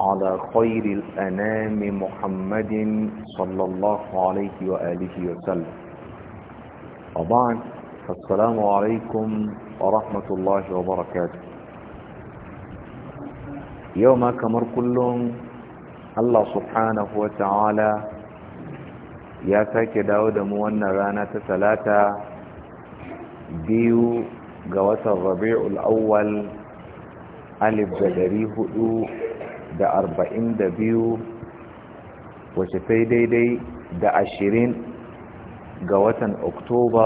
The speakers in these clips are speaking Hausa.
على خير الأنام محمد صلى الله عليه وآله وسلم وبعد السلام عليكم ورحمة الله وبركاته يوم كمر كلهم الله سبحانه وتعالى يا ساكي داود موانا غانا تسلاتا بيو قوات الربيع الأول ألف جدري هدو da arba'in da biyu wace sai daidai da ashirin ga watan oktoba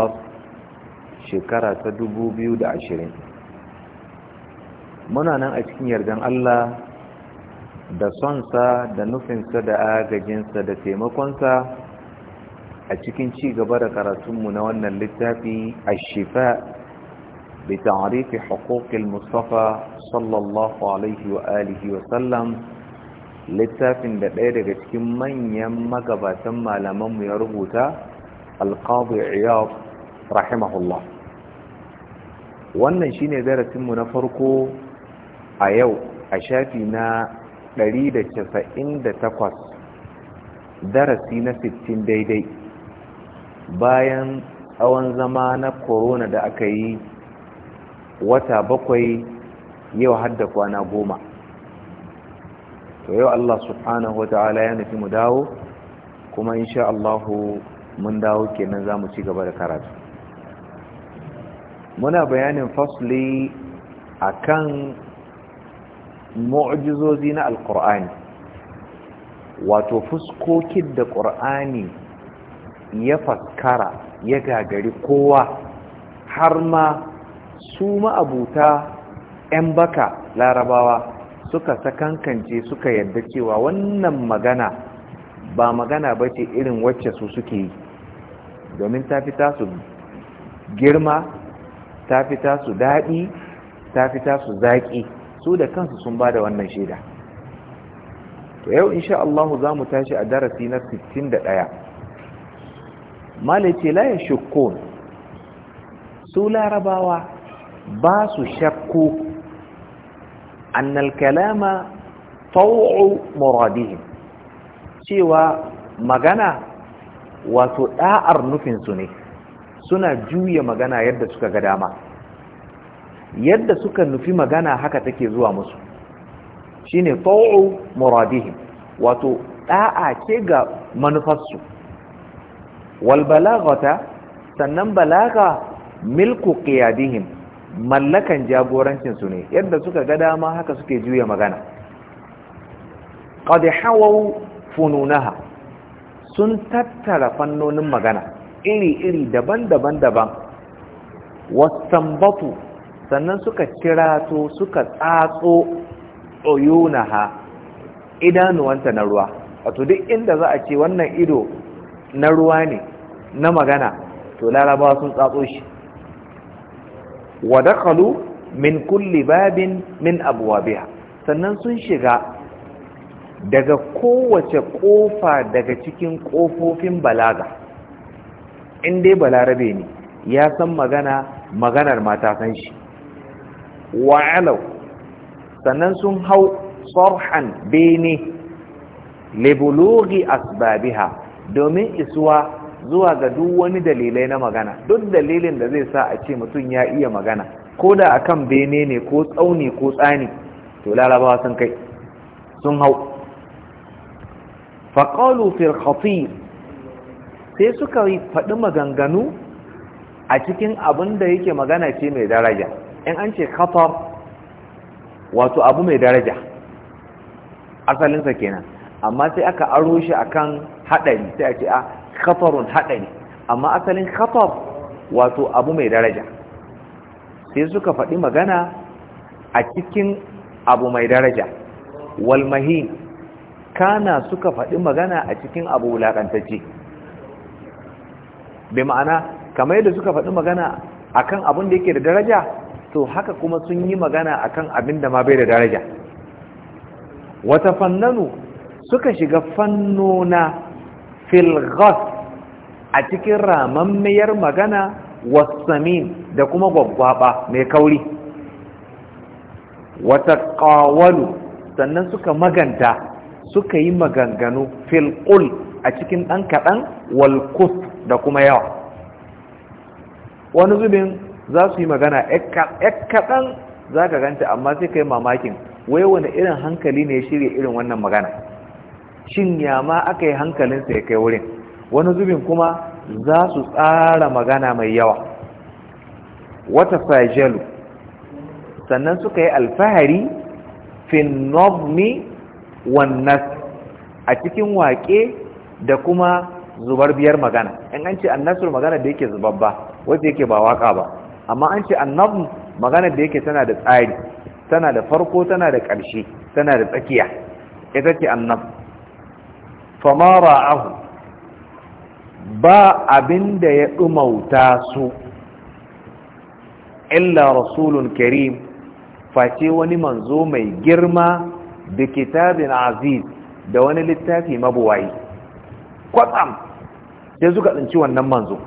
shekara ta dubu biyu da ashirin muna nan a cikin yardan allah da sonsa da nufinsa da agajinsa da taimakonsa a cikin ci gaba da karatunmu na wannan littafi a shifa bi ta'arifi haƙoƙil mustafa sallallahu alaihi wa alihi wa sallam littafin da ɗaya daga cikin manyan magabatan malamanmu ya rubuta alƙadu iyaf rahimahullah wannan shine darasinmu na farko a yau a shafi na 198 darasi na sittin daidai bayan tsawon zama na korona da aka yi wata bakwai yau hadda kwana goma to yau Allah subhanahu wa ta'ala ya nufi mu dawo kuma insha Allah mun dawo kenan za mu ci gaba da karatu muna bayanin fasli akan mu'jizozi na alkur'ani wato fuskokin da ƙur'ani ya faskara ya gagari kowa har ma su ma'abuta 'yan baka larabawa suka sakankance suka yadda cewa wannan magana ba magana ba ce irin wacce su suke yi domin ta fi tasu girma ta fi tasu daɗi ta fi tasu zaƙi su da kansu sun ba da wannan shaida to yau insha Allah za mu tashi a darasi na 61 malace layin shukun. su larabawa ba su shakku annal kalama taw'u muradihim cewa magana wato ɗa'ar nufinsu ne suna juya magana yadda suka ga dama yadda suka nufi magana haka take zuwa musu shine taw'u muradihim wato ɗa'a ke ga manufarsu wal balaghata sannan balaga milku qiyadihim mallakan jagorancinsu ne yadda suka ga dama haka suke juya magana qad hawau fununaha sun tattara fannonin magana iri-iri daban-daban daban wasambatu sannan suka kirato suka tsatso oyunaha idanuwanta na ruwa wato duk inda za a ce wannan ido na ruwa ne na magana to larabawa sun tsatso shi wa dakalu min kulli babin min abwabiha sannan sun shiga daga kowace kofa daga cikin kofofin balaga in dai balarabe ne ya san magana maganar mata san shi alau sannan sun hau sarhan bene lebologi asbabiha domin isuwa zuwa ga duk wani dalilai na magana duk dalilin da zai sa a ce mutum ya iya magana ko da a kan bene ne ko tsauni ko tsani to larabawa sun kai sun hau faƙalu fil sai suka yi faɗi maganganu a cikin abin da yake magana ce mai daraja in an ce kafa wato abu mai daraja asalinsa kenan amma sai aka aro shi akan haɗari sai a ce a ah, khatarun haɗari amma asalin khatar wato abu mai daraja sai suka faɗi magana a cikin abu mai daraja walmahi kana suka faɗi magana a cikin abu wulaƙantacce bai ma'ana kamar yadda suka faɗi magana akan abin da yake da daraja to haka kuma sun yi magana akan abin da ma bai da daraja wata fannanu suka shiga fannona filgas a cikin ramammiyar magana wasamin da kuma gwaggwaba mai kauri wata ƙawalu sannan suka maganta suka yi maganganu filƙul a cikin ɗan kaɗan walkus da kuma yawa wani zubin za su yi magana kaɗan za ka ganta amma sai ka yi mamakin wai wani irin hankali ne shirya irin wannan magana shin ya ma aka yi hankalinsa ya kai wurin wani zubin kuma za su tsara magana mai yawa wata fajalu sannan suka yi alfahari finnobmi wannan a cikin waƙe da kuma zubar biyar magana in an ce annasur magana da yake zubabba wadda yake ba waƙa ba amma an ce annabm magana da yake tana da tsari tana da farko tana da ƙarshe tana da tsakiya ita ce annab famara ahu ba abin da ya ɗumauta su illa rasulun karim face wani manzo mai girma da kitabin aziz da wani littafi mabuwayi kwatsam da suka tsinci wannan manzo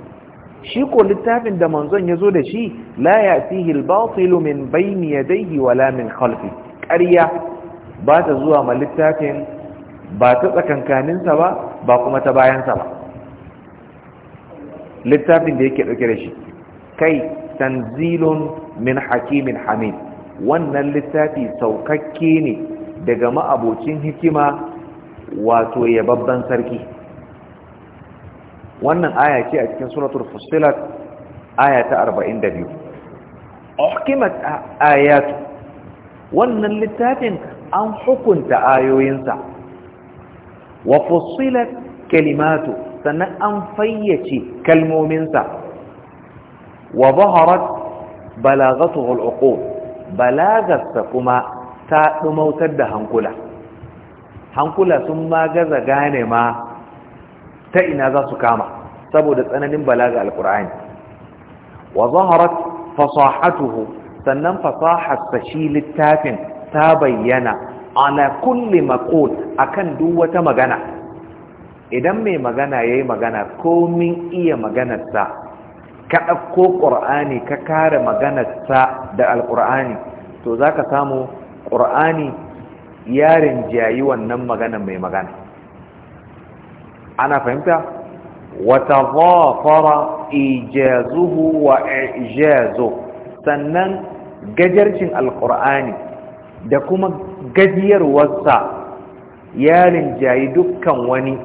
shi ko littafin da manzon ya zo da shi la ya fihil batilu min bayni yadayhi wala min khalfi ƙarya ba ta zuwa ma littafin ba ta tsakankaninsa ba ba kuma ta bayansa ba littafin da yake dauke da shi kai tanzilun min hakimin hamid wannan littafi saukakke ne daga ma'abocin hikima wato ya babban sarki wannan aya ce a cikin suratul fussilat aya ta 42 uhkimat ayatu wannan littafin an hukunta ayoyinsa wa fussilat kalimatu sannan an fayyace kalmominsa wa baharat balagatuhu al balagarsa kuma ta ɗumautar da hankula hankula sun magaza gane ma ta ina za su kama saboda tsananin balaga alkur'ani wa zaharat fasahatuhu sannan fasaharsa shi littafin ta bayyana ana kulli makon akan duk wata magana idan mai magana ya yi magana min iya maganarsa ka ɗauko ƙur'ani ka kare maganarsa da alƙur'ani to za ka samu ƙur'ani yarin jayi wannan maganar mai magana ana fahimta wata zafara ijazuhu wa ijazo sannan gajarcin alƙur'ani da kuma gajiyarwarsa yarin rinjayi dukkan wani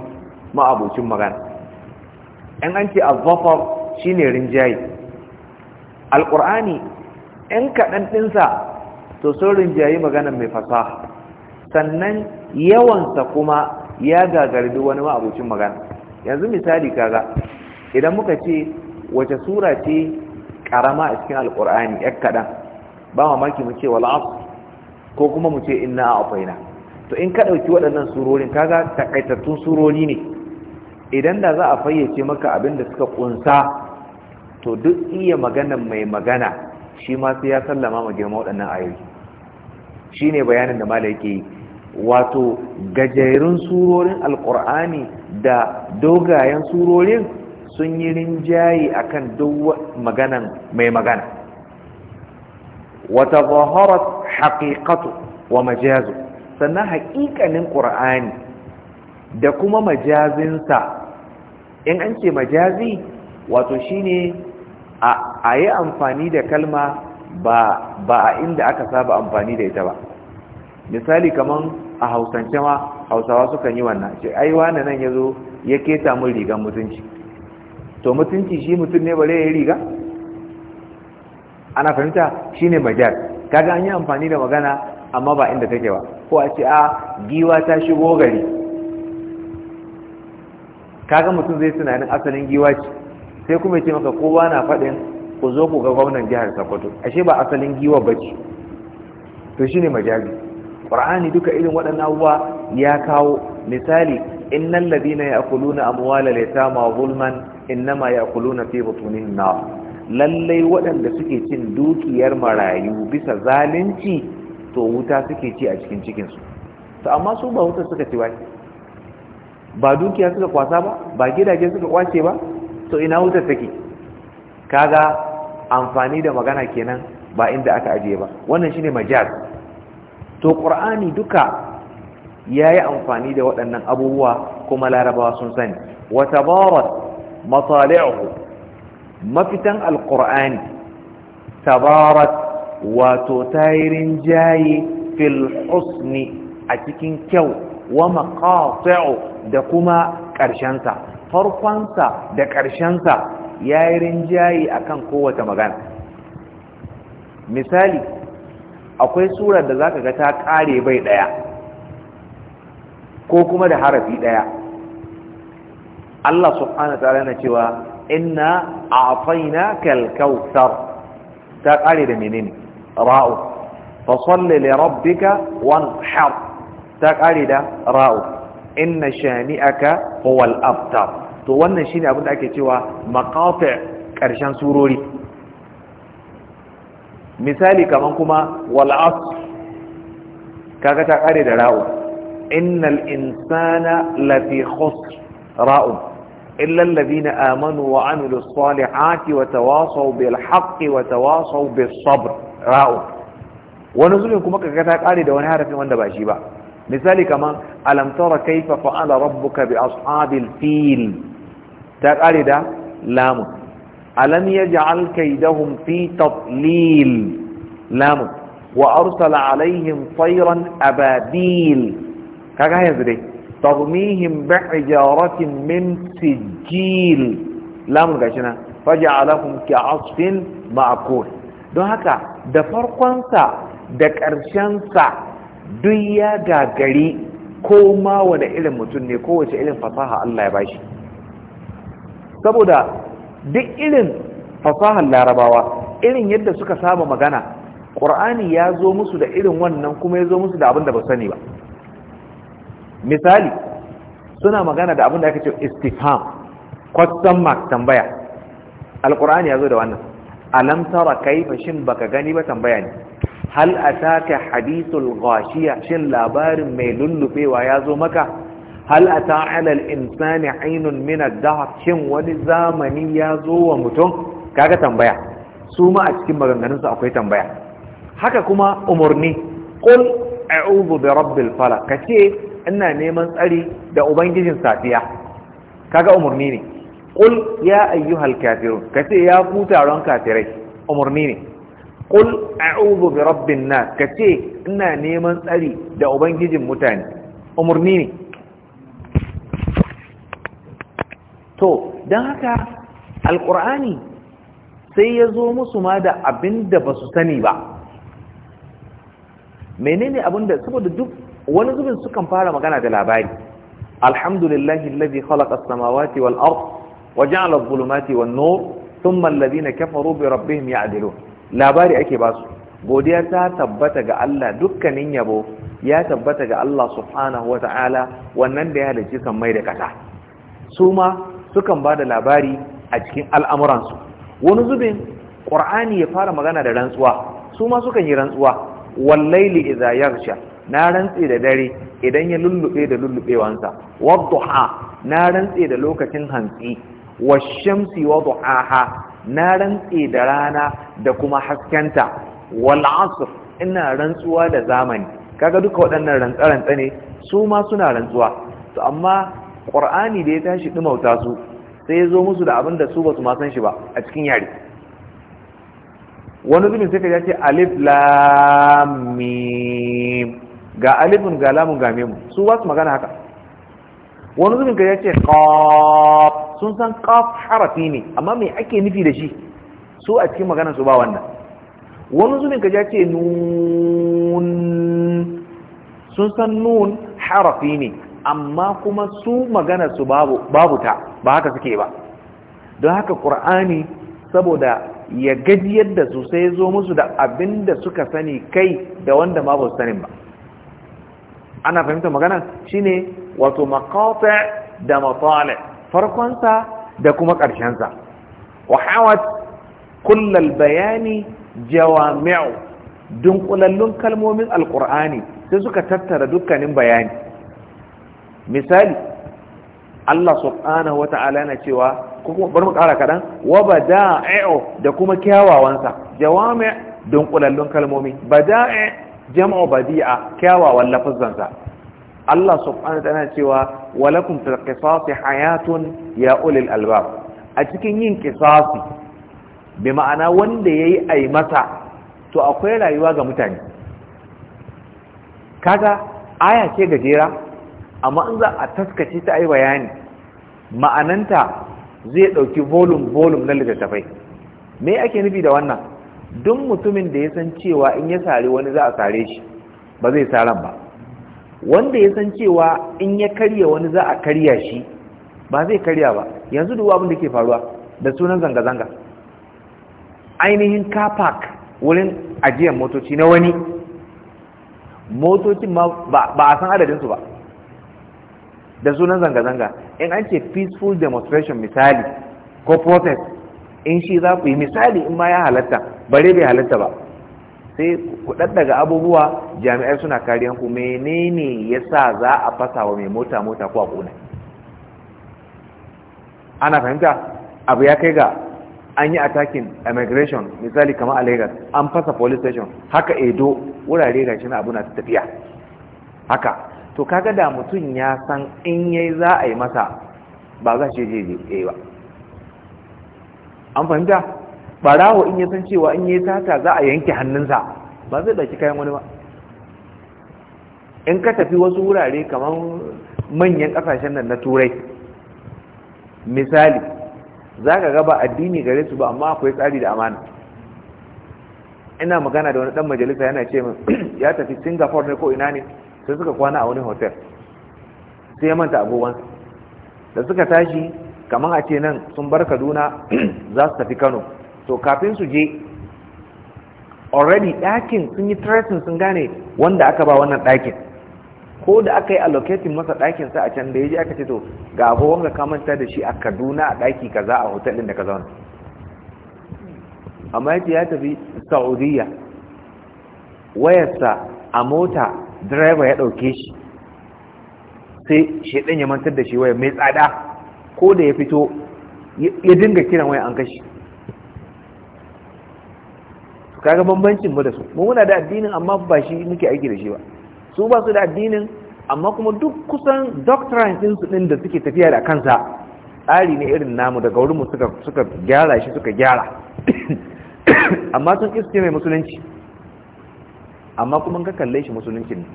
abokin magana ɗan an ce azzafar shine rinjaye Alƙur'ani ɗan kaɗan ɗinsa to sun rinjaye magana mai fasaha sannan yawansa kuma ya gagarbi wani abokin magana yanzu misali kaga idan muka ce wace sura ce karama a cikin Alƙur'ani yar kaɗan ba mamaki mu ce wal'af ko kuma mu ce inna a to in ka ɗauki waɗannan surorin kaga takaitattun surori ne idan da za a fayyace maka abin da suka kunsa to duk iya magana mai magana shi ma sai ya sallama ma girma waɗannan ayoyi ne bayanin da malai yake yi wato gajerun surorin alƙur'ani da dogayen surorin sun yi rinjaye akan duk maganan mai magana wata zaharar haƙiƙatu wa majazu sannan haƙiƙanin ƙur'ani da kuma majazinsa in an ce majazi wato shine a yi amfani da kalma ba a inda aka saba amfani da ita ba misali kamar a hausance ma hausawa sukan yi wannan ce aiwa na nan ya zo ya keta mun rigan mutunci to mutunci shi mutum ne bare ya yi riga ana fahimta shi ne majal kaga an yi amfani da magana amma ba inda take ba ko a ce a giwa ta shigo gari kaga mutum zai tunanin asalin giwa ce sai kuma ya ce maka kowa na faɗin ku zo ku ga gwamnan jihar sokoto ashe ba asalin giwa ba ce to shi ne majazi qur'ani duka irin waɗannan abubuwa ya kawo misali innan ladina ma amwala inna ma ya kulu na fi tunin na lallai waɗanda suke cin dukiyar marayu bisa zalunci to wuta suke ci a cikin cikinsu to amma su ba wuta suka ci wani ba dukiya suka kwasa ba ba gidaje suka kwace ba to ina wutar take kaga amfani da magana kenan ba inda aka ajiye ba wannan shine majaz to qur'ani duka yayi amfani da waɗannan abubuwa kuma larabawa sun sani wa tabarat matali'uhu mafitan alqur'ani tabarat wato tayrin jayi fil husni a cikin kyau wa maqati'u da kuma ƙarshensa farkonsa da ƙarshensa ya yi rinjayi akan kowace magana misali akwai surar da za ka ga ta ƙare bai ɗaya ko kuma da harafi ɗaya Allah subhanahu ta'ala na cewa inna a'tayna kal kautsar ta ƙare da menene ra'u fa salli li rabbika wanhar ta kare da ra'u inna shani'aka huwal to wannan shine abin da ake cewa maqafi karshen surori misali kamar kuma wal asr kaga ta kare da ra'u innal insana lafi khusr ra'u illa alladhina amanu wa amilu salihati wa tawasaw bil haqqi wa tawasaw bis sabr ra'u wani zubin kuma kaga ta kare da wani harafin wanda ba shi ba مثالي كمان ألم ترى كيف فعل ربك بأصحاب الفيل تقال ده لام ألم يجعل كيدهم في تضليل لام وأرسل عليهم طيرا أبابيل كيف يزري تغميهم بحجارة من سجيل لام كيشنا فجعلهم كعصف معقول دو هكا ده فرقان سا ده كرشان duk ya gagari ko ma wani irin mutum ne kowace irin fasaha Allah ya bashi saboda duk irin fasahar larabawa irin yadda suka saba magana ƙur'ani ya zo musu da irin wannan kuma ya zo musu da abin ba sani ba misali suna magana da abin da aka ce istifam kwastan mark tambaya alƙur'ani ya zo da wannan alam tara kaifa shin baka gani ba tambaya ne hal taka hadithul gashiya shin labarin mai lullubewa ya zo maka hal ata ala insani aynun min ad shin wani zamani ya zo wa mutum kaga tambaya su ma a cikin maganganunsa akwai tambaya haka kuma umarni qul a'udhu bi rabbil Ka kace ina neman tsari da ubangijin safiya kaga umarni ne Ƙul ya ayyuhal kafirun kace ya ku taron kafirai Umarni ne قل أعوذ برب الناس كتي إنا نيمان سألي دا أبنجي متاني أمرنيني تو دهكا القرآني سيزوم سما دا أبن دا بسوتاني با منيني أبن دا سبو دا ونزو بن سكن فالا مغانا دا لاباري الحمد لله الذي خلق السماوات والأرض وجعل الظلمات والنور ثم الذين كفروا بربهم يعدلون labari ake ba su godiya ta tabbata ga Allah dukkanin yabo ya tabbata ga Allah subhanahu wa wannan da ya halarci kan mai da kasa su ma sukan ba da labari a cikin al'amuransu wani zubin ƙur'ani ya fara magana da rantsuwa su ma sukan yi rantsuwa wallaili idza yaghsha na rantse da dare idan ya lullube da lullubewansa wadduha na rantse da lokacin hantsi washamsi wadduhaha na rantse da rana da kuma haskenta wal asr ina rantsuwa da zamani kaga duka waɗannan rantsarantsa ne su ma suna rantsuwa to amma qur'ani da ya tashi dumauta su sai ya zo musu da abinda su basu ma san shi ba a cikin yare wani zubin sai ka ya ce alif lam mim ga alifin ga lamun ga mim su ba su magana haka wani zubin ka ya ce ƙaf sun san ƙaf harafi ne amma mai ake nufi da shi su a cikin magana su ba wannan wani zubin ka ya ce nun sun san nun harafi ne amma kuma su maganar su babu ta ba haka suke ba don haka ƙur'ani saboda ya gajiyar da su sai zo musu da abin da suka sani kai da wanda ma ba su sanin ba ana fahimta magana shine wato maqati' da matali' Farkonsa da kuma ƙarshen sa wa hawat kullal bayani jawami'u dunkulallun kalmomin alqur'ani sai suka tattara dukkanin bayani misali Allah subhanahu ta'ala na cewa kuma bari mu ƙara kaɗan wa bada'i'u da kuma kyawawansa jawami' dunkulallun kalmomi bada'i' jama'u badi'a kyawawan lafazansa Allah subhanahu wa ta'ala cewa walakum fil qisasi hayatun ya ulil albab a cikin yin qisasi bi ma'ana wanda yayi ai masa to akwai rayuwa ga mutane kaga aya ce gajera amma in za a taskace ta ai bayani ma'ananta zai dauki volume volume na littattafai me ake nufi da wannan duk mutumin da ya san cewa in ya sare wani za a sare shi ba zai saran ba wanda ya san cewa in ya karya wani za a karya shi ba zai karya ba yanzu duk abin da ke faruwa da sunan zanga-zanga ainihin car park wurin ajiyar motoci na wani motocin ba a san adadinsu ba da sunan zanga-zanga in an ce peaceful demonstration misali ko protest in shi za ku yi misali in ma ya halatta bare bai halatta ba sai ku daga abubuwa jami'ai suna kariyan ku menene yasa za a fasa wa mai mota mota ko a kona ana fahimta abu ya kai ga an yi attacking immigration misali kamar a Lagos an fasa police station haka Edo wurare ga shi na abu na tafiya haka to kaga da mutum ya san in yayi za a yi masa ba za shi je je eh ba an fahimta barawo in ya san cewa in yi sata za a yanke hannunsa ba zai ɗauki kayan wani ba in ka tafi wasu wurare kamar manyan ƙasashen nan na turai misali za ka gaba addini gare su ba amma akwai tsari da amana ina magana da wani ɗan majalisa yana ce min ya tafi singapore ne ko ina ne sai suka kwana a wani hotel sai ya manta abubuwansa da suka tashi kamar a ce nan sun bar kaduna za su tafi kano to kafin su je already ɗakin sun yi tracing sun gane wanda aka ba wannan ɗakin ko da aka yi allocating masa ɗakin sa a can da ya je aka ce to ga abubuwan ka kamanta da shi a kaduna a ɗaki ka za a hotel ɗin da ka zauna amma yake ya tafi saudiya wayarsa a mota driver ya ɗauke shi sai shaidan ya mantar da shi waya mai tsada ko da ya fito ya dinga kiran waya an kashi kaga bambancin mu da su mu muna da addinin amma ba shi muke aiki da shi ba su ba su da addinin amma kuma duk kusan doctrine din su din da suke tafiya da kansa tsari ne irin namu daga wurin mu suka suka gyara shi suka gyara amma sun iske mai musulunci amma kuma ka kalle shi musuluncin ne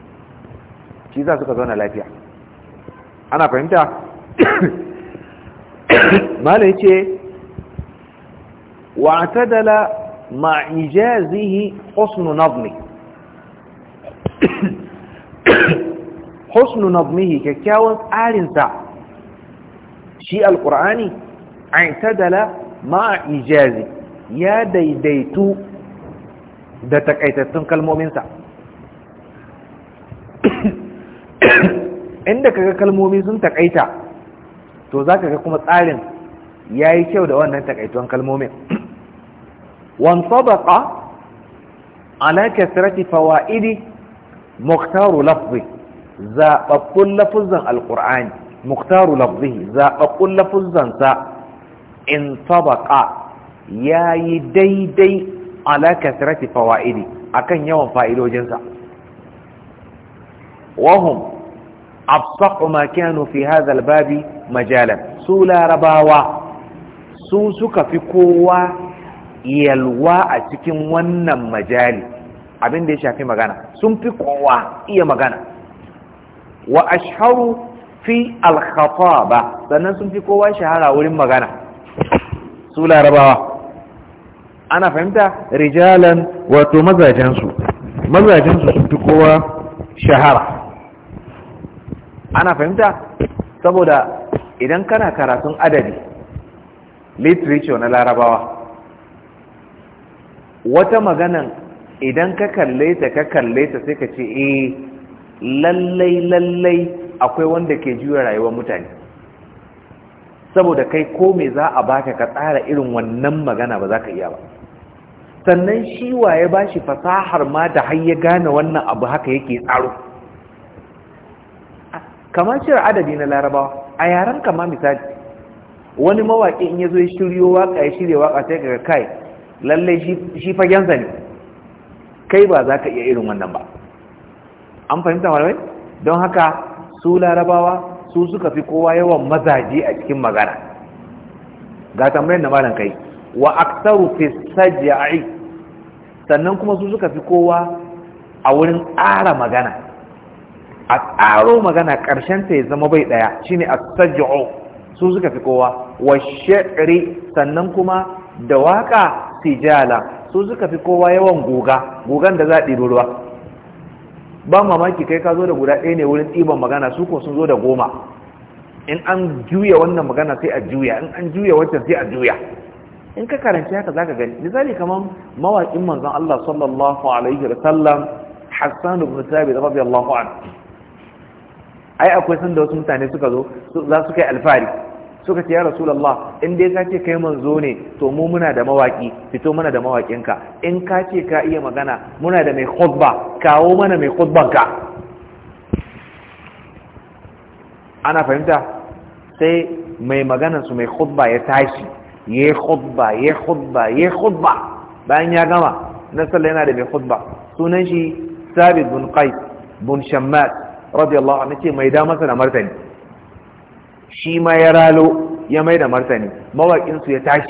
shi za suka zauna lafiya ana fahimta malai ce wa مع إيجازه حسن نظمه حسن نظمه ككاوان آل سعر شيء القرآني اعتدل مع إيجازه يا ديديتو da takaitattun kalmominsa inda kaga kalmomi sun takaita to za ka ga kuma tsarin ya yi kyau da wannan takaituwan kalmomin وانطبق على كثره فوائد مختار لفظه ذا بقول لفظا القران مختار لفظه ذا بقول لفظا انطبق يا يديدي على كثره فوائد اكن يوم فائدوجنسا وهم ابصق ما كانوا في هذا الباب مجالا سولا رباوا سوسك في كووا yalwa a cikin wannan majali abin da ya shafi magana sun fi kowa iya magana wa ashharu fi al-khataba sannan sun fi kowa shahara wurin magana su larabawa ana fahimta rijalan wato mazajensu mazajensu sun fi kowa shahara ana fahimta saboda idan kana karatun adadi literature na larabawa wata maganan idan ka kalle ta ka kalle ta sai ka ce eh lallai lallai akwai wanda ke juya rayuwar mutane saboda kai ko me za a baka ka tsara irin wannan magana ba za ka iya ba sannan shi waye ba shi fasahar ma da har ya gane wannan abu haka yake tsaro kamar cire adadi na larabawa a yaren kama misali wani mawaƙi in ya zo ya shiryo waƙa ya shirya waƙa sai ga kai lalle shi fagensa ne kai ba za ka iya irin wannan ba an fahimta malamai don haka su larabawa su suka fi kowa yawan mazaje a cikin magana ga tambayar da malam kai wa aktaru fi sajja'i sannan kuma su suka fi kowa a wurin tsara magana a tsaro magana karshen ta ya zama bai ɗaya shine as-saj'u su suka fi kowa wa shi'ri sannan kuma da waka tijala su suka fi kowa yawan goga gogan da za a ɗiro ruwa ba mamaki kai ka zo da guda ɗaya ne wurin ɗiban magana su ko sun zo da goma in an juya wannan magana sai a juya in an juya wancan sai a juya in ka karanci haka za ka gani misali kaman mawaƙin manzon Allah sallallahu alaihi wa sallam Hassan ibn Thabit radiyallahu anhu ai akwai sanda wasu mutane suka zo za su kai alfari suka ce ya rasulullah in dai ka ce kai manzo ne to mu muna da mawaki fito mana da mawakinka in ka ce ka iya magana muna da mai khutba kawo mana mai khutbanka ana fahimta sai mai magana su mai khutba ya tashi ya khutba ya khutba ya khutba bayan ya gama na sallah yana da mai khutba sunan shi sabit bin qais bin shammat radiyallahu anhu ce mai da masa da martani shi ma ya ralo ya mai da martani mawaƙinsu ya tashi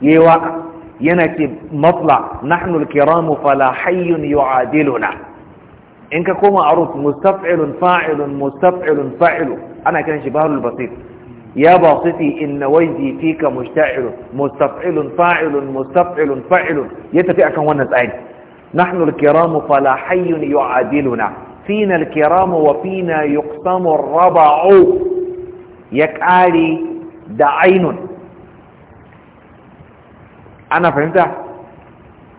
ya yi waƙa yana ce mafla nahnul kiramu fala hayyun yu'adiluna in ka koma arus mustaf'ilun fa'ilun mustaf'ilun fa'ilu ana kiran shi bahrul basit ya basiti inna wajhi fika mushta'ilun mustaf'ilun fa'ilun mustaf'ilun fa'ilun ya tafi akan wannan tsari nahnul kiramu fala hayyun yu'adiluna fina al-kiramu wa fina yuqsamu ar-raba'u ya ƙare da ainun ana fahimta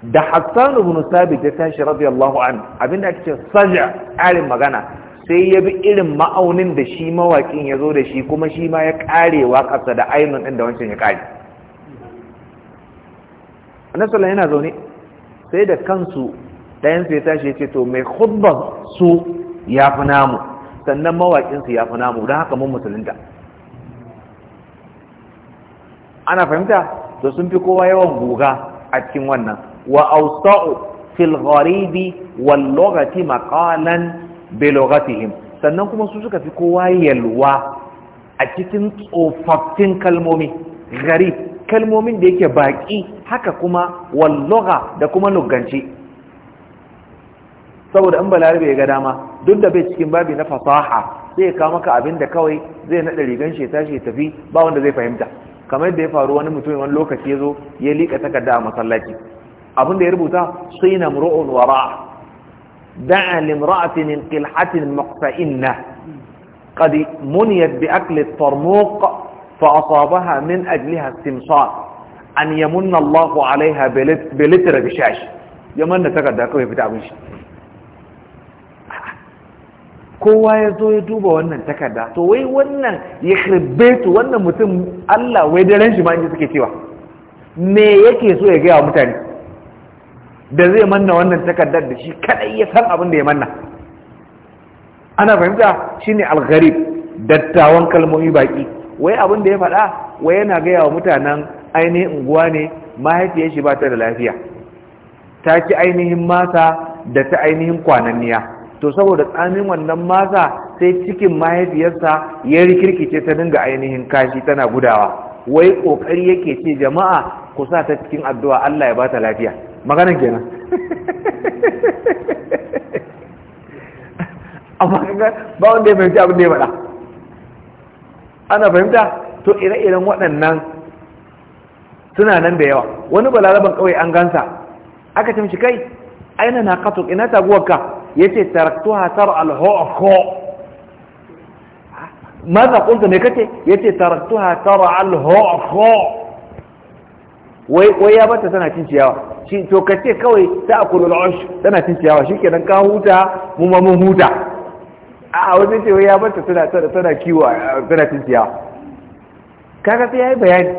da hassan ibn sabit ya tashi radiyallahu an abinda ake ce saja ƙarin magana sai ya bi irin ma'aunin da shi mawaƙin ya zo da shi kuma shi ma ya ƙare waƙarsa da ainun ɗin da wancan ya ƙare annabi yana zaune sai da kansu ɗayansu ya tashi ya ce to mai khutban su ya fi namu sannan mawaƙinsu ya fi namu don haka mun musulunta ana fahimta to sun fi kowa yawan guga a cikin wannan wa awsa'u fil gharibi wal lughati maqalan bi lughatihim sannan kuma su suka fi kowa yalwa a cikin tsofaffin kalmomi gari, kalmomin da yake baki haka kuma wal da kuma luganci saboda in balarabe ya ga dama duk da bai cikin babi na fasaha sai ya kawo maka abin da kawai zai naɗa rigan shi tashi tafi ba wanda zai fahimta kamar yadda ya faru wani mutum wani lokaci ya zo ya liƙa takarda a masallaci abin da ya rubuta sina mru'un wara da'a limra'atin in qilhatin maqta'inna qad muniyat bi akli tarmuq fa asabaha min ajliha simsar an yamunna Allahu 'alayha bi litra bishash yamanna takarda kawai fita abin shi kowa ya zo ya duba wannan takarda to wai wannan ya kirbetu wannan mutum Allah wai daren shi ma inji suke cewa me yake so ya gaya wa mutane da zai manna wannan takardar da shi kadai ya san abin da ya manna ana fahimta shine algharib dattawan kalmomi baki wai abin da ya faɗa wai yana gaya wa mutanen ainihin unguwa ne mahaifiyar shi ba ta da lafiya ta ci ainihin mata da ta ainihin kwananniya to saboda tsamin wannan maza sai cikin mahaifiyarsa ya rikirkice ta dinga ainihin kashi tana gudawa wai kokari yake ce jama'a ku sa ta cikin addu'a Allah ya bata lafiya maganan kenan amma ba wanda ya fahimci abin da ya faɗa ana fahimta to ire-iren waɗannan suna nan da yawa wani balaraban kawai an gansa aka tamshi kai aina na katok ina taguwarka yace taraktuha tar'al huqu ماذا قلت me kace yace taraktuha tar'al huqu wai wai ya bata tana cin ciyawa shi to kace kawai ta akulu al'ush tana cin ciyawa shikenan ka huta mu ma mun huta a wani ce wai ya bata tana tana kiwo tana cin ciyawa kaga sai yayi bayani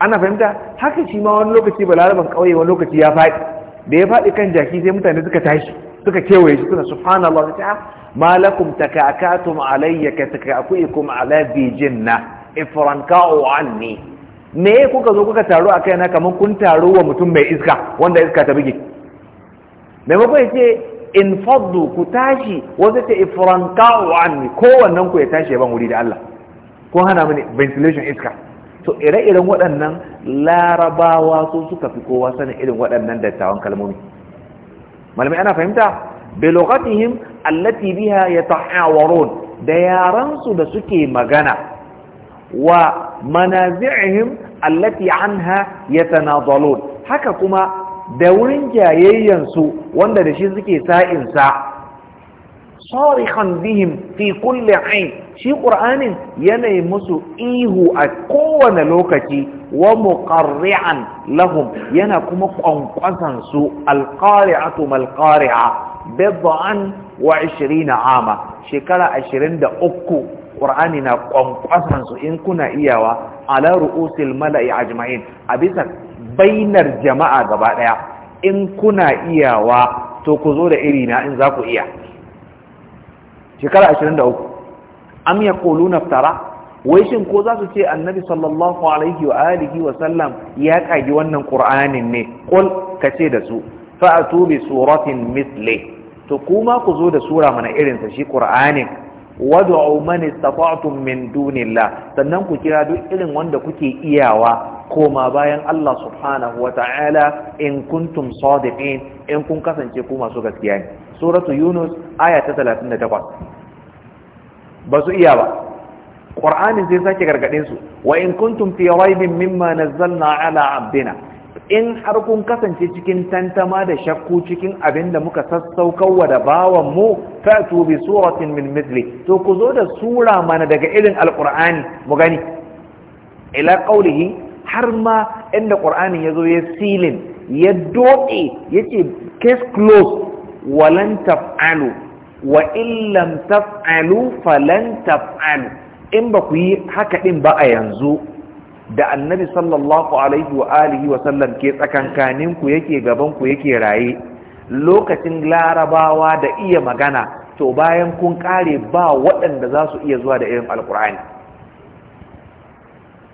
ana fahimta haka shi ma wani lokaci balaraban kauye wani lokaci ya faɗi da ya faɗi kan jaki sai mutane suka tashi suka kewaye shi suna subhanallah ta ah, malakum takakatum alayya ka takakuikum ala bijinna ka'u anni me kuka zo kuka taro akai na kaman kun taro wa mutum mai iska wanda iska ta bugi. maimakon ya yace in faddu ku tashi wasu ta ka'u anni wannan ku ya tashi ban wuri da Allah kun hana mini ventilation iska to ire-iren waɗannan larabawa su suka fi kowa sanin irin waɗannan dattawan kalmomi malamai ana fahimta belogatihim allati biha yata'awarun da yaransu da suke magana wa manazi'ihim allati anha yatanazalun haka kuma da wurin jayayyansu wanda da shi suke sa'insa sorikhan bihim fi kulli ain shi qur'anin yanayi musu ihu a kowane lokaci wa muqarri'an lahum yana kuma kwankwasan su alqari'atu malqari'a bid'an wa 20 ama da uku qur'ani na kwankwasan su in kuna iyawa ala ru'usil mala'i ajma'in abisa bainar jama'a gaba daya in kuna iyawa to ku zo da iri na in za ku iya shekara 23 am yaquluna iftara wai shin ko za su ce annabi sallallahu alaihi wa alihi wa sallam ya kagi wannan qur'anin ne qul kace da su fa'atu bi suratin mithli to kuma ku zo da sura mana irin sa shi qur'anin wad'u man istata'tum min dunillah sannan ku kira duk irin wanda kuke iyawa koma bayan Allah subhanahu wa ta'ala in kuntum sadiqin in kun kasance ku masu gaskiya ne suratu yunus aya ta 38 ba su iya ba qur'anin sai sake gargadin su wa in kuntum fi raibin mimma nazzalna ala abdina in har kun kasance cikin tantama da shakku cikin abin da muka sassaukawa da bawan mu fa'tu bi suratin min mithli to ku zo da sura mana daga irin alqur'ani mu gani ila qawlihi har ma inda qur'anin yazo ya silin ya doɗe yace case close walan taf'alu wa in lam taf'alu falan taf'alu in ba ku yi haka din ba a yanzu da annabi sallallahu alaihi wa alihi wa sallam ke tsakankanin ku yake gaban ku yake raye lokacin larabawa da iya magana to bayan kun kare ba waɗanda za su iya zuwa da irin alkur'ani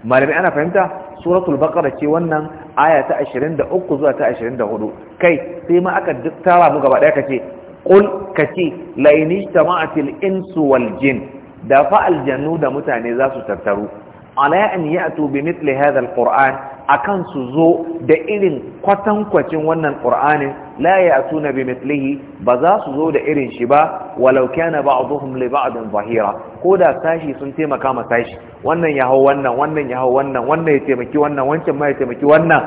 malami ana fahimta suratul baqara ce wannan aya ta 23 zuwa ta 24 kai sai ma aka tara mu gaba daya kace qul kace la in ijtama'atil insu wal jin da fa aljannu da mutane za su tattaru ala an ya'tu bi mithli hadha alquran akan su zo da irin kwatankwacin wannan qur'anin la ya'tuna bi mithlihi ba za su zo da irin shi ba walau kana ba'dhum li ba'din zahira ko da sashi sun taimaka ma sashi wannan ya hau wannan wannan ya hau wannan wannan ya taimaki wannan wancan ma ya taimaki wannan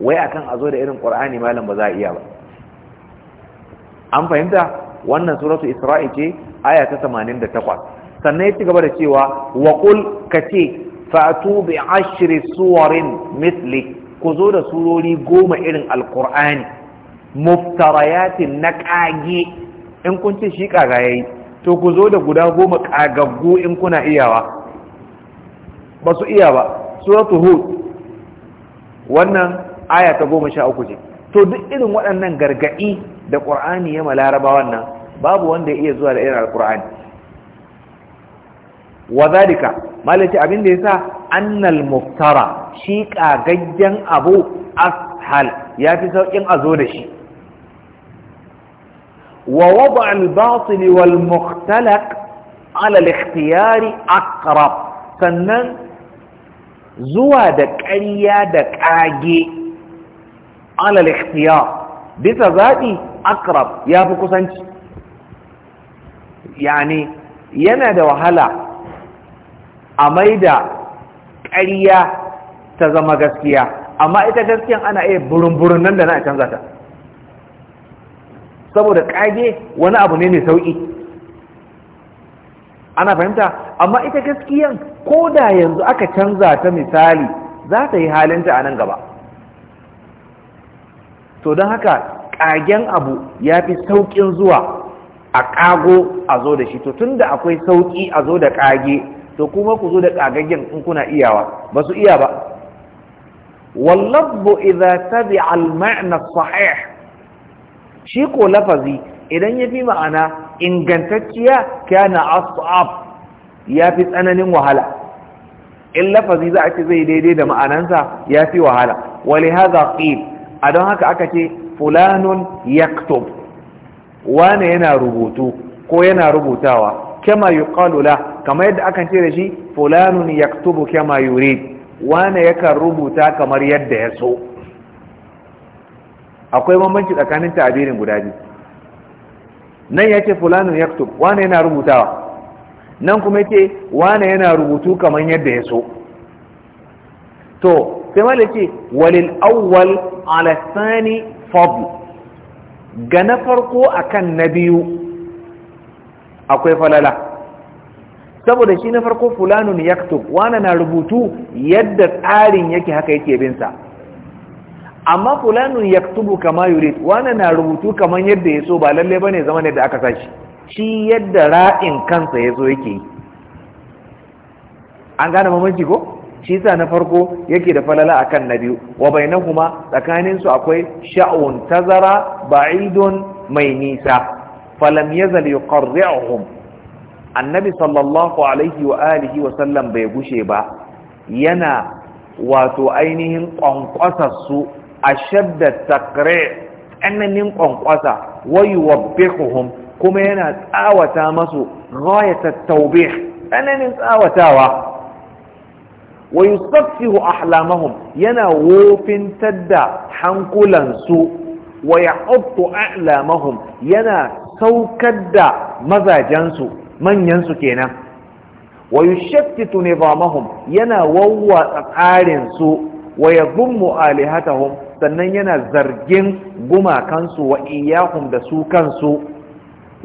wai akan a zo da irin qur'ani malam ba za a iya ba an fahimta wannan suratu isra'i ce aya ta 88 sannan ya ci gaba da cewa wa qul kace fa'tu bi ashri suwarin misli ku zo da surori goma irin alqur'ani muftarayatin na kage in kun ce shi kaga yayi to ku zo da guda goma kagaggu in kuna iyawa ba su iya ba suratu hud wannan aya ta goma sha uku ce to duk irin waɗannan gargaɗi da ƙur'ani ya malaraba wannan babu wanda ya iya zuwa da irin alƙur'ani wa zalika malaki abin da yasa annal muftara shi kagaggen abu ashal ya fi saukin a zo da shi ووضع الباطل والمختلق على الاختيار أقرب سنن زوادك أيادك آجي على الاختيار بس أقرب يا بوكو سنش يعني ينادى هلا أميدا كريا تزمى أما إذا جسكيا أنا إيه برن برن نندنا إيه كان ذاتك saboda ƙage wani abu ne mai sauki ana fahimta amma ita gaskiyan ko da yanzu aka canza ta misali za ta yi halinta a nan gaba to don haka ƙagen abu ya fi sauƙin zuwa a kago a zo da shi to tun da akwai sauƙi a zo da ƙage, to kuma ku zo da kagaggen in kuna iyawa ba su iya ba wallabbu idza tabi'a al-ma'na sahih shi ko lafazi idan ya fi ma'ana ingantacciya kyana as'ab ya fi tsananin wahala in lafazi za a ce zai daidai da ma'anansa ya fi wahala wali haza qil a don haka aka ce fulanun yaktub wane yana rubutu ko yana rubutawa kama yuqalu la kamar yadda aka ce da shi fulanun yaktubu kama yurid wane yakan rubuta kamar yadda ya so akwai bambanci tsakanin ta'abirin guda biyu nan ya ce fulanun yaktub wane yana rubutawa nan kuma ya ce wane yana rubutu kamar yadda ya so to sai mala ce walil awwal ala sani fadl ga na farko akan na biyu akwai falala saboda shi na farko fulanun yaktub wane na rubutu yadda tsarin yake haka yake binsa amma fulanun yaktubu kama yurid wannan na rubutu kamar yadda ya so ba lalle bane zaman da aka sashi shi yadda ra'in kansa ya so yake an gane mamanci ko shi sa na farko yake da falala akan na biyu wa bainahuma tsakanin su akwai sha'un tazara ba'idun mai nisa falam yazal yuqarri'uhum annabi sallallahu alaihi wa alihi wa sallam bai gushe ba yana wato ainihin ƙwanƙwasarsu. su ashadda taqri tsananin ƙwanƙwasa wai wabbihum kuma yana tsawata masu ta taubih tsananin tsawatawa wa yusaffihu ahlamahum yana wofintar da hankulansu waya ya'ubtu a'lamahum yana saukar da mazajensu manyansu kenan Wayu yushaffitu nizamahum yana wawwatsa tsarinsu waya yadhummu alihatahum sannan yana zargin gumakansu wa iyahum da su kansu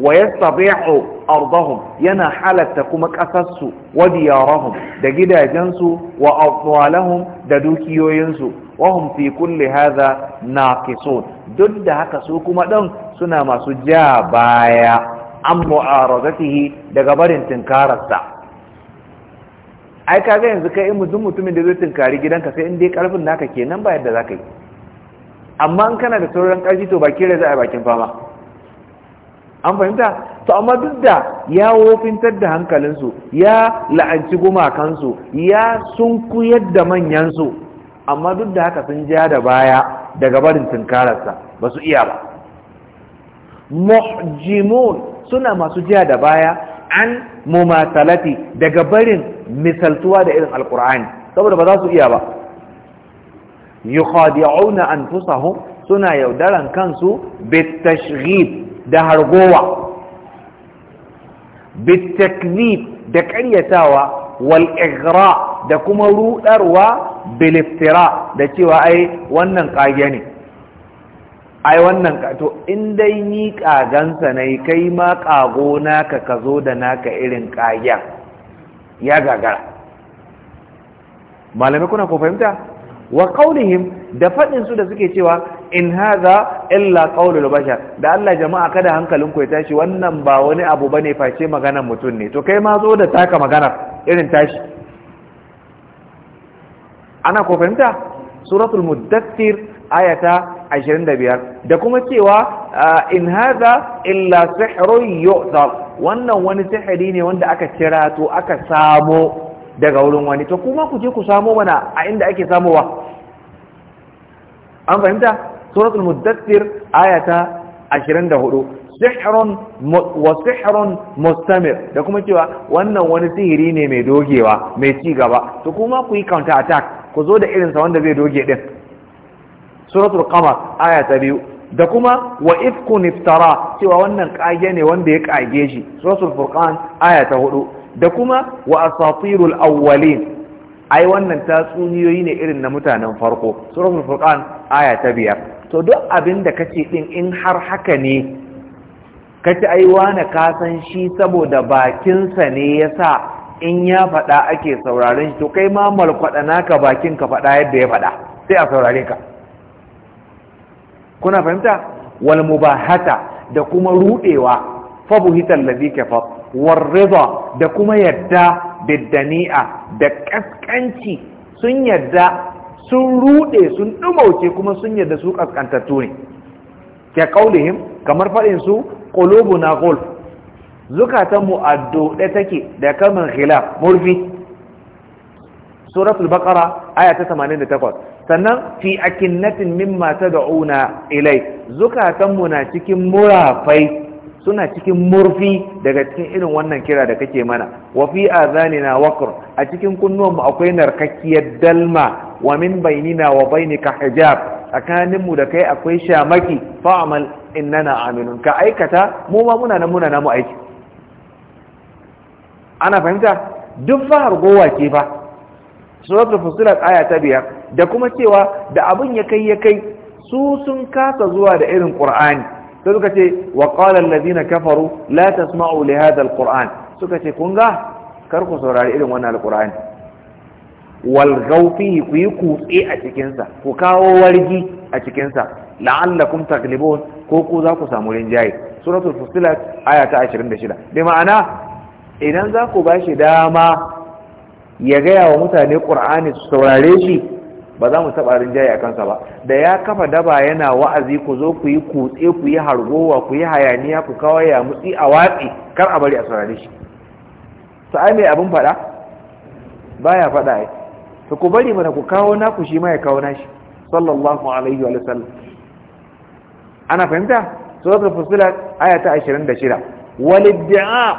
wa yastabi'u ardahum yana halatta kuma kasarsu wa diyarahum da gidajensu wa afwalahum da dukiyoyinsu wa hum fi kulli hadha naqisun duk da haka su kuma dan suna masu ja baya an mu'aradatihi daga barin tinkararsa ai kaga yanzu kai mutum mutumin da zai tinkari gidanka sai in dai karfin naka kenan ba yadda zaka yi amma an kana da sauran ƙarfi to baki rai za a bakin fama an fahimta to amma duk da ya wofintar da hankalinsu ya la'anci gumakansu ya sunkuyar da manyansu amma duk da haka sun ja da baya daga barin tunkararsa ba su iya ba Mujimun suna masu ja da baya an mumatalati daga barin misaltuwa da irin alkur'ani saboda ba za su iya ba yukhadi'una anfusahum suna yaudaran kansu bitashghib da hargowa bitakzib da ƙaryatawa wal igra da kuma rudarwa bil iftira da cewa ai wannan kage ne ai wannan to in dai ni kagansa nayi kai ma kago naka ka zo da naka irin kagen ya gagara malamai kuna ko fahimta wa qaulihim da fadin su da suke cewa in hadha illa qaulul bashar da Allah jama'a kada hankalin ku ya tashi wannan ba wani abu bane face maganar mutum ne to kai ma zo da taka maganar irin tashi ana ko fahimta suratul muddathir ayata 25 da kuma cewa in hadha illa sihrun yu'thar wannan wani sihiri ne wanda aka kira to aka samo daga wurin wani to kuma ku je ku samo mana a inda ake samowa an fahimta suratul muddathir ayata 24 sihrun wa sihrun mustamir da kuma cewa wannan wani sihiri ne mai dogewa mai ci gaba to kuma ku yi counter attack ku zo da irinsa wanda zai doge din suratul qamar ayata biyu da kuma wa ifkun iftara cewa wannan kage ne wanda ya kage shi suratul furqan ayata hudu da kuma wa asatirul awwalin ai wannan tatsuniyoyi ne irin na mutanen farko suratul furqan aya ta biyar to duk abin da kace din in har haka ne kace ai wani ka san shi saboda bakin sa ne yasa in ya faɗa ake sauraren shi to kai ma malkwada naka bakin ka faɗa yadda ya faɗa sai a saurare ka kuna fahimta wal mubahata da kuma rudewa fa buhital ladhi kafar warrida da kuma yadda da dani'a da kaskanci sun yadda sun rude sun dumauce kuma sun yadda su kaskantattu ne ke kaulihim kamar faɗin su na gulf zukatanmu a dode take da kalmar khilaf murfi suratul baqara aya ta 88 sannan fi akinnatin mimma tad'una ilai zukatanmu na cikin murafai suna cikin murfi daga cikin irin wannan kira da kake mana wa fi azanina waqr a cikin kunnuwanmu akwai narkakkiyar dalma wa min bainina wa bainika hijab tsakanin mu da kai akwai shamaki fa'amal innana aminun ka aikata mu ma muna nan muna namu aiki ana fahimta duk fahar gowa ce ba. suratul fusilat aya ta biyar da kuma cewa da abin ya kai ya kai su sun kasa zuwa da irin qur'ani sai suka ce wa kafaru la tasma'u li hadha alquran suka ce kun ga saurari irin wannan alquran wal ghawfi ku yi kutse a cikinsa. ku kawo wargi a cikinsa. La'alla la'allakum taglibun ko ku za ku samu rinjaye suratul fusilat aya ta 26 bi ma'ana idan za ku bashi dama ya gaya wa mutane qur'ani su saurare shi ba za mu taɓa rinjaye a kansa ba da ya kafa daba yana wa'azi ku zo ku yi kutse ku yi hargowa ku yi hayaniya ku kawo ya mutsi a watsi kar a bari a saurare shi sa'ai mai abin faɗa baya faɗa ai to ku bari mana ku kawo na ku shi ma ya kawo nashi sallallahu alaihi wa sallam ana fahimta suratul fusilat aya ta 26 walid'a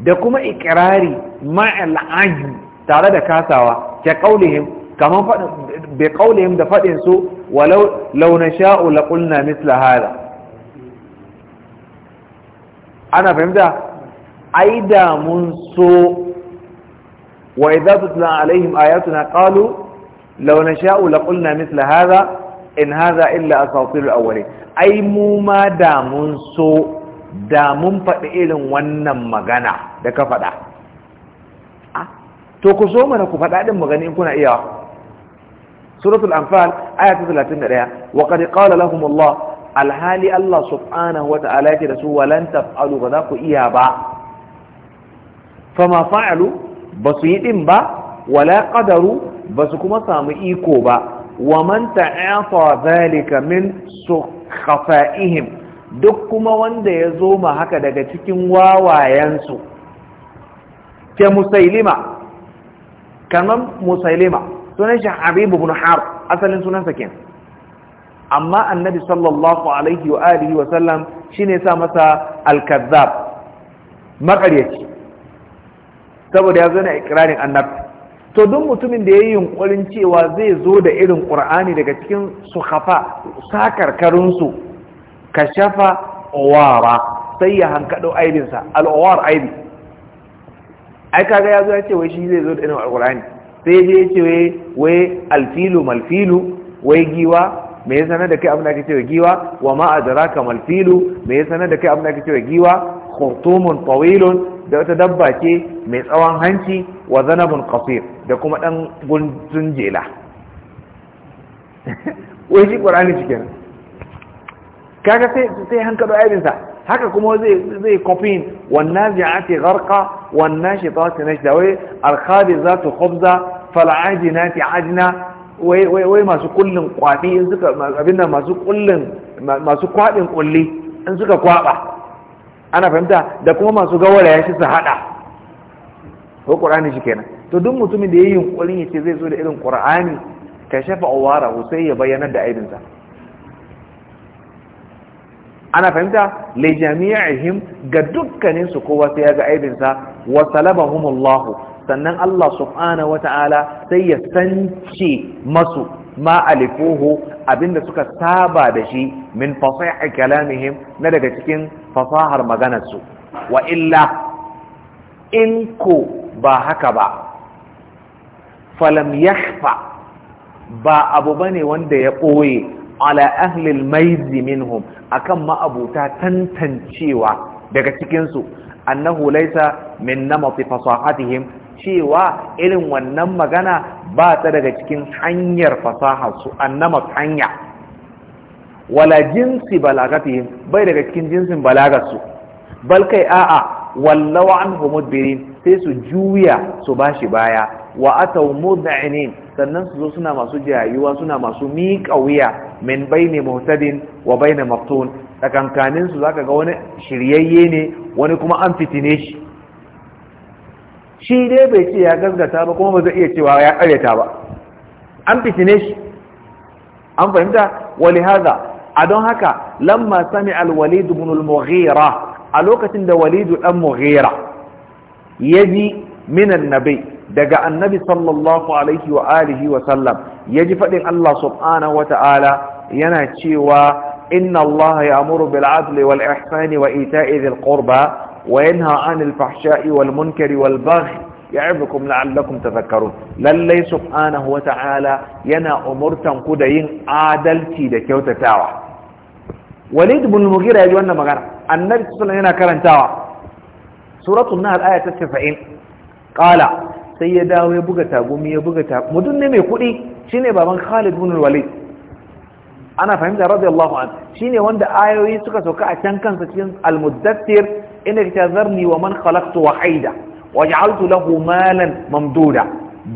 da kuma ikrari ma'al ajm tare da kasawa ke kaulihim Kaman faɗin bai kaulihim da faɗin su walau launa sha'u la qulna misla hada ana fahimta ai da mun so wa idza tutla alaihim ayatuna qalu law nasha'u la qulna misla hadha in hadha illa asatirul awwalin ai mu ma da mun so da mun faɗi irin wannan magana da ka faɗa ah, to ku so mana ku faɗa din magani in kuna iya suratul anfal aya ta 31 wa qad qala lahum Allah alhali Allah subhanahu wa ta'ala yake da su walan taf'alu ba za ku iya ba fama fa'alu ba su yi ɗin ba wala ƙadaru ba su kuma samu iko ba wa man ta'afa zalika min sukhafaihim duk kuma wanda ya zo ma haka daga cikin wawayensu ke musailima kaman musailima sunan shi habib ibn har asalin sunansa ken amma annabi sallallahu alaihi wa alihi wa sallam shine sa masa al-kazzab makaryaci saboda ya zo na ikrarin annabi to duk mutumin da yayi yunkurin cewa zai zo da irin qur'ani daga cikin sukhafa sakarkarun su kashafa awara sai ya hankado aibinsa al-awar aibi ai kaga ya zo ya ce wai shi zai zo da irin al-qur'ani sai je ce wai wai alfilu malfilu wai giwa me ya sanar da kai abin da ake cewa giwa wa ma adraka malfilu me ya sanar da kai abin da ake cewa giwa khurtumun tawilun da wata dabba ce mai tsawon hanci wa zanabun qasir da kuma dan guntun jela wai shi qur'ani cikin kaga sai sai hankalo aibin sa haka kuma zai zai kofin wan nazi'ati gharqa wan shi, nashda wai al ta khubza fal'ajinati ajna wai wai masu kullin kwabi in suka abinda masu kullin, masu kwaɓin kulli in suka kwaɓa. ana fahimta da kuma masu gawara ya shi su haɗa. ko qur'ani shi kenan to duk mutumin da ya yayi ya ce zai zo da irin qur'ani ka shafa awara sai ya bayyanar da aibinsa ana fahimta lai jami'ihim ga dukkaninsu kowa sai ya ga aibinsa wa salabahumullahu sannan Allah subhanahu wata'ala sai ya sance masu ma alifuhu abinda suka saba da shi min fasaha kalamihim na daga cikin fasahar maganarsu wa illa in ko ba haka ba falam yahfa ba abu bane wanda ya ɓoye ala ahlil maizi minhum akan ma'abuta tantancewa daga cikinsu annahu laisa min namati fasahatihim cewa irin wannan magana ba ta daga cikin hanyar fasaha su annama hanya wala jinsi balagatihim bai daga cikin jinsin balagarsu. bal kai a'a wallawa an humudbirin sai su juya su bashi baya wa atau mud'inin sannan su zo suna masu jayuwa suna masu miƙa wuya min baini muhtadin wa baini maftun tsakankaninsu su zaka ga wani shiryayye ne wani kuma an fitine shi shi dai bai ce ya gasgata ba kuma ba zai iya cewa ya karyata ba an fitine shi an fahimta wali haza a don haka lamma sami alwalidu ibn al-mughira a lokacin da walidu dan mughira ya ji min annabi daga annabi sallallahu alaihi wa alihi wa sallam ya ji fadin Allah subhanahu wa ta'ala yana cewa inna Allah ya'muru bil adli wal ihsani wa ita'i dhil qurba وينهى عن الفحشاء والمنكر والبغي يعظكم لعلكم تذكرون لله سبحانه وتعالى ينا امرتن كو دين عدالتي ده كيوتتاوا وليد بن المغيره يجي wannan magana annabi sallallahu alaihi wasallam yana karantawa surah an-nahl ayat 90 qala sayyida wa buga tagumi ya buga ta mudun ne mai kudi shine baban khalid bin walid ana fahimta radiyallahu anhu shine wanda ayoyi suka sauka a can kansa cikin al-muddathir inda ka zarni wa man khalaqtu wahida waj'altu lahu malan mamduda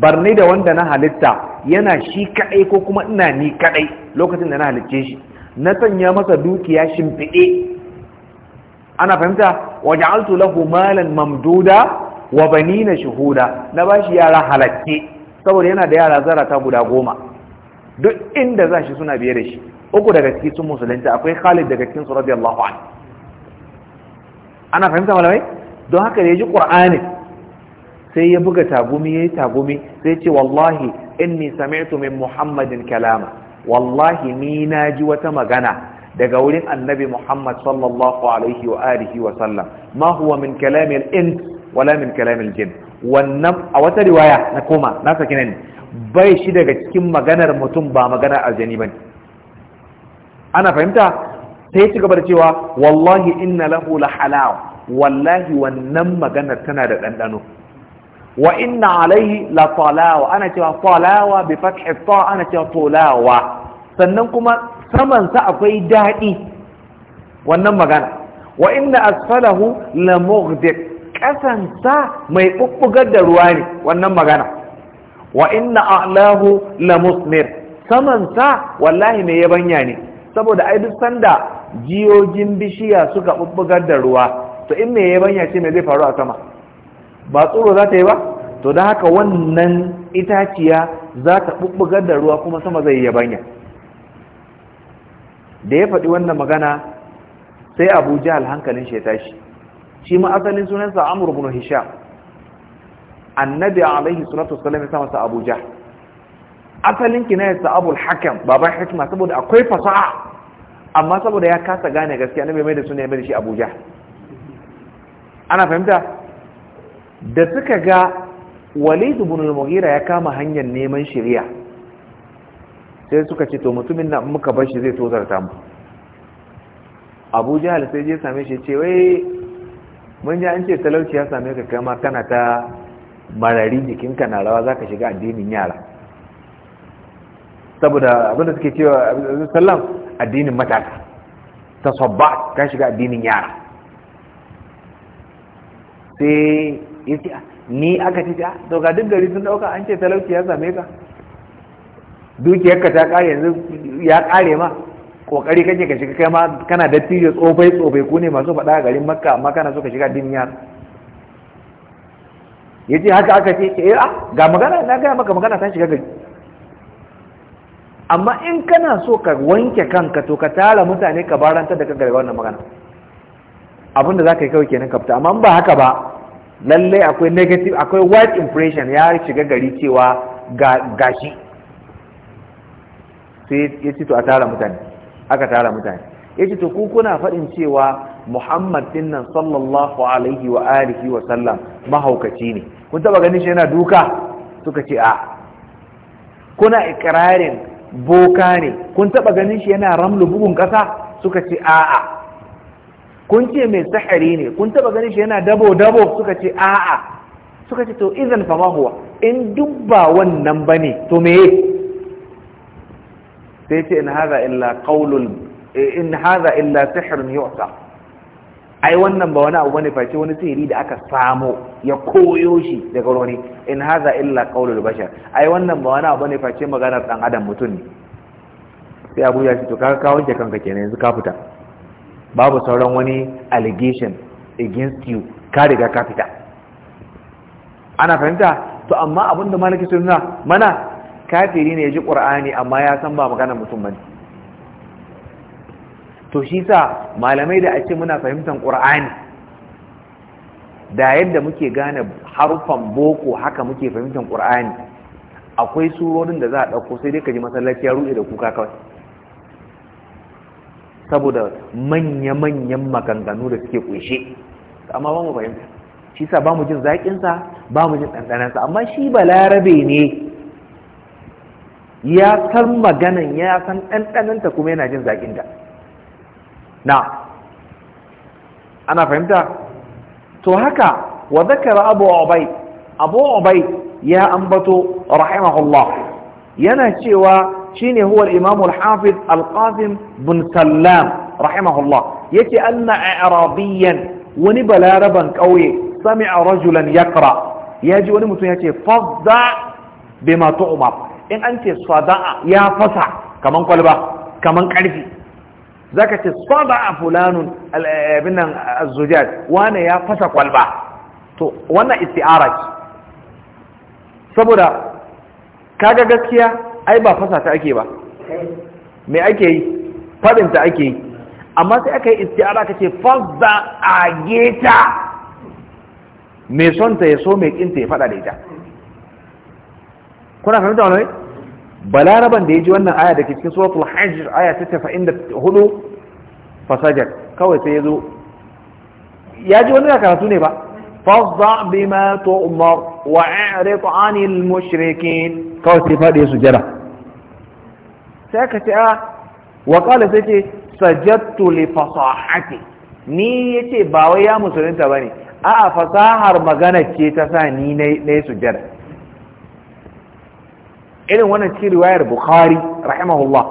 barni da wanda na halitta yana shi kadai ko kuma ina ni kadai lokacin da na halicce shi na sanya masa dukiya shimfiɗe ana fahimta waj'altu lahu malan mamduda wa banina shuhuda na bashi yara halakke saboda yana da yara zarata guda goma duk inda za shi suna biye da shi uku daga cikin sun akwai khalid daga cikin su radiyallahu anhu ana fahimta malamai don haka ya ji ƙur'anin sai ya buga tagumi ya yi tagumi sai ce wallahi inni sami'tu min muhammadin kalama wallahi ni na ji wata magana daga wurin annabi muhammad sallallahu alaihi wa alihi wa sallam ma huwa min kalamil in, wala min kalamil jin wannan a wata riwaya na koma na saki ne bai shi daga cikin maganar mutum ba maganar aljani bane ana fahimta sai ci gaba da cewa wallahi inna lahu la halal wallahi wannan magana tana da dandano, wa inna alaihi la talawa ana cewa talawa bi fathi ta ana cewa talawa sannan kuma saman sa akwai daɗi wannan magana wa inna asfalahu la mughdiq kasan sa mai bubbugar da ruwa ne wannan magana wa inna a'lahu la musmir saman sa wallahi mai yabanya ne saboda ai duk sanda jiyojin bishiya suka bubbugar da ruwa to in me yabanya ce me zai faru a sama ba tsoro za ta yi ba to don haka wannan itaciya za ta bubbugar da ruwa kuma sama zai yabanya da ya faɗi wannan magana sai abu jihar hankalin shi ya tashi shi ma asalin sunansa amur ibn hisham annabi alaihi salatu wasallam ya sa masa abu jihar asalin kinayarsa abul hakam baban hikima saboda akwai fasaha amma saboda ya kasa gane gaskiya na mai da suna ya da shi abuja ana fahimta da suka ga walidu bin Mugira ya kama hanyar neman shari'a sai suka ce to mutumin nan muka bar shi zai tozarta mu Abuja jahal sai je same shi ce wai mun ji an ce talauci ya same ka kama kana ta marari jikinka na rawa zaka shiga addinin yara saboda abinda suke cewa sallam addinin matasa sabba ta shiga addinin yara sai ya ce ni aka ce ah, to ga duk gari sun dauka an ce talauci ya same ka dukiyarka ta kare yanzu ya kare ma kokari kake ka shiga kai ma kana da dattijo tsofai tsofai ku ne masu faɗa a garin makka amma kana so ka shiga addinin yara ya ce haka aka ce eh ah, ga magana na gaya maka magana ta shiga gari amma in kana so ka wanke kanka to ka tara mutane ka baranta da kanka wannan magana abin da za ka yi kawai kenan kafta amma ba haka ba lalle akwai negative akwai white impression ya shiga gari cewa gashi sai ya ce to a tara mutane aka tara mutane ya ce to ku kuna faɗin cewa muhammad dinnan sallallahu alaihi wa alihi wa sallam mahaukaci ne kun taba ganin shi yana duka suka ce a kuna ikirarin boka ne kun taba ganin shi yana ramlu bugun kasa suka ce a'a kun ce mai sahari ne kun taba ganin shi yana dabo dabo suka ce a'a suka ce to idan fa mahuwa? in duk ba wannan bane to meye sai ce in hadha illa qawlul eh, in haza illa sihrun yu'ta ai wannan ba wani abu bane face wani sihiri da aka samo ya koyo shi daga wani in haza illa qaulul bashar ai wannan ba wani abu bane face maganar dan adam mutum ne sai Abu ya ce to kaga ka wanke kanka kenan yanzu ka fita babu sauran wani allegation against you ka riga ka fita ana fahimta to amma abinda malaki sunna mana kafiri ne ya ji qur'ani amma ya san ba maganar mutum bane to shi sa malamai da ake muna fahimtar ƙura'ani da yadda muke gane harufan boko haka muke fahimtar ƙur'ani akwai surorin da za a ɗauko sai dai ka ji masallaci ya ruɗe da kuka kawai saboda manya-manyan maganganu da suke ƙunshe amma ba mu fahimta shi sa ba mu jin zaƙinsa ba mu jin ɗanɗanansa amma shi balarabe ne ya san maganan ya san ɗanɗananta kuma yana jin zaƙinta na ana fahimta to haka wa zakara abu ubay abu ubay ya ambato rahimahullah yana cewa shine huwa al-imam al-hafiz al-qasim bin sallam rahimahullah yake anna arabiyan wani balaraban kauye sami'a rajulan yaqra yaji wani mutum yace fadda bima tu'mar in an ce sada'a ya fasa kaman kwalba kaman karfi zaka ce saba fulanun eh, abin nan azzujaj wane ya fasa kwalba to wannan isti'ara ce saboda kaga gaskiya ai ba fasa ta ake ba me ake yi fadin ta ake yi amma sai aka yi isti'ara kace fazza geta me son ta ya so me kinta ya fada da ita kuna fahimta wani? balaraban da ya ji wannan aya da ke cikin suratul hajj aya ta tafa'in da hudu fasajar kawai sai ya zo ya ji wani karatu ne ba fasda bima tu'mar wa a'rid 'anil mushrikin kawai sai fadi sujada sai ka ce a wa qala sai ce sajadtu li fasahati ni yace ba wai ya musulunta bane a'a fasahar magana ce ta sa ni nayi sujada irin wannan ci riwayar bukhari rahimahullah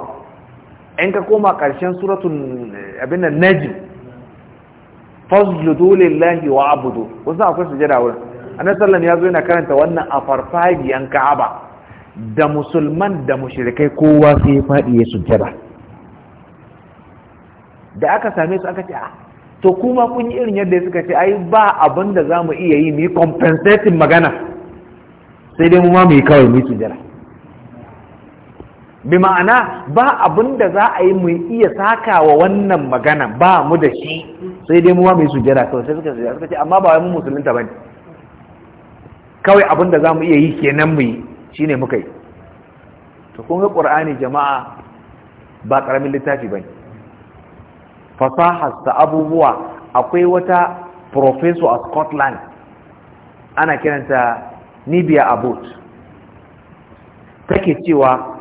in ka koma karshen suratun eh, abin da najm fasjudu lillahi wa abudu wasu akwai sujada wurin annabi sallallahu ya zo yana karanta wannan a farfajiyan ka'aba da musulman da mushrikai kowa sai ya fadi ya sujada da aka same su aka ce a ah, to kuma kun yi irin yadda suka ce ai ba abin da za mu iya yi mu yi compensating magana sai dai mu ma mu yi kawai mu yi sujada bi ma'ana ba abin da za a yi mu iya saka wa wannan magana ba mu da shi sai dai mu ma mu yi sai suka suka ce amma ba wai mu ba bane kawai abin da za mu iya yi kenan mu yi shine muka yi to kun ga qur'ani jama'a ba karamin littafi bane fasahar ta abubuwa akwai wata professor a Scotland ana kiranta Nibia Abbott take cewa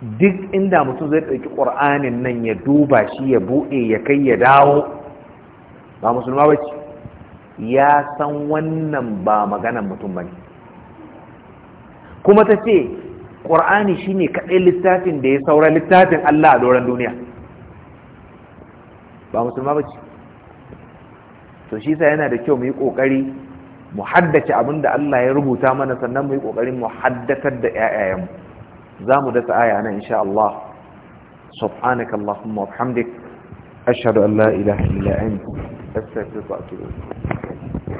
duk inda mutum zai ɗauki ƙur'anin nan ya duba shi ya buɗe ya kai ya dawo ba musulma ba ce ya san wannan ba maganan mutum ba ne kuma ta ce ƙur'ani shi ne kaɗai littafin da ya saura littafin Allah a doron duniya ba musulma ba ce to shi sa yana da kyau mu yi ƙoƙari mu haddace abin da Allah ya rubuta mana sannan mu yi ƙoƙari mu haddatar da 'ya'yayenmu زامو دت آية أنا إن شاء الله سبحانك اللهم وبحمدك أشهد أن لا إله إلا أنت أستغفرك